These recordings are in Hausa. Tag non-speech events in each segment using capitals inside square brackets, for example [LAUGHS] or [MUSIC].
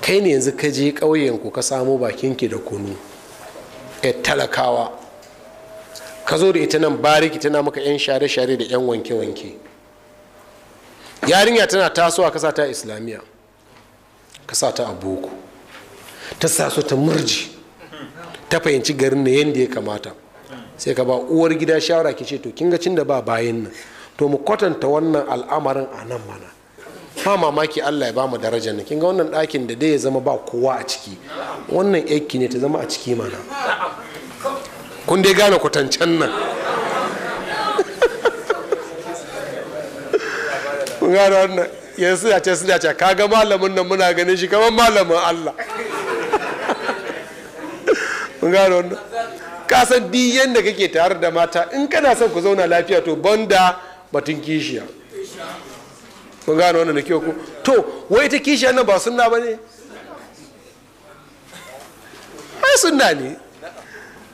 kai ne yanzu ka je ƙauyenku ka samo bakin ki da kunu ya talakawa ka zo da ita nan bariki tana maka 'yan share-share da 'yan wanke-wanke yarinya tana tasowa ka sa ta islamiyya ka sa ta aboko ta sa su ta murji ta fahimci garin na yadda ya kamata sai ka ba uwar gida shawara ke ce to kin ga cin da ba bayan nan to mu kwatanta wannan al'amarin a nan mana ba mamaki allah ya ba mu darajar ne. kin ga wannan ɗakin da dai ya zama ba kowa a ciki wannan yanki ne ta zama a ciki mana kun dai gane kwatancen nan [LAUGHS] kun gane wannan yanzu suna ce suna ce kaga malamin nan muna ganin shi kamar malamin allah [LAUGHS] kun gane wannan ka san duk yadda kake tare da mata in kana son ku zauna lafiya to banda batun kishiya kun gane wannan da kyau ku. to wai ta kishi nan ba sunna ba ne ai sunna ne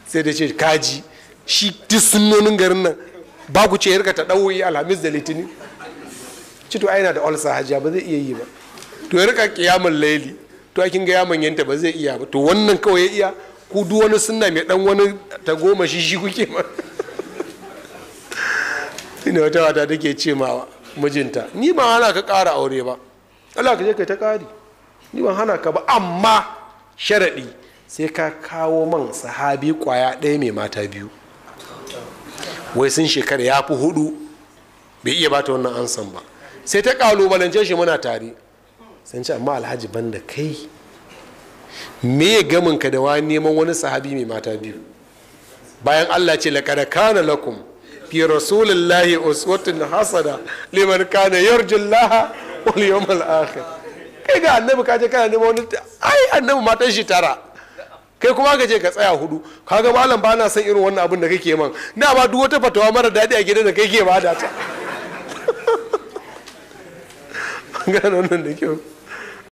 sai da ce kaji shi duk sunnonin garin nan ba ku ce ya rika ta ɗauyi alhamis da litinin ci to aina da olsa hajiya ba zai iya yi ba to ya rika kiyamun laili to a kin ga ya yanta ba zai iya ba to wannan kawai ya iya ku duk wani sunna mai dan wani ta goma shi shi kuke ma [LAUGHS] ina wata wata take ce mawa mijinta ni ba hana ka ƙara aure ba Allah ka je ka ta ƙari ni ba hana ka ba amma sharaɗi sai ka kawo man sahabi ƙwaya ɗaya mai mata biyu wai sun shekara ya fi hudu bai iya bata wannan ansan ba sai ta ƙalubalance shi muna tare sun ce amma alhaji ban da kai me ya gamin ka da wani neman wani sahabi mai mata biyu bayan Allah ce laƙada kana lakum fi rasulillahi uswatun hasada liman kana yarju Allah wal yawmal akhir kai ga annabi kaje kana neman wani ai annabi matan shi tara kai kuma ka je ka tsaya hudu ga malam ba na san irin wannan abin da kake man na ba duk wata fatawa mara dadi a gidan da kai ke ba da ta [LAUGHS] gano nan da kyau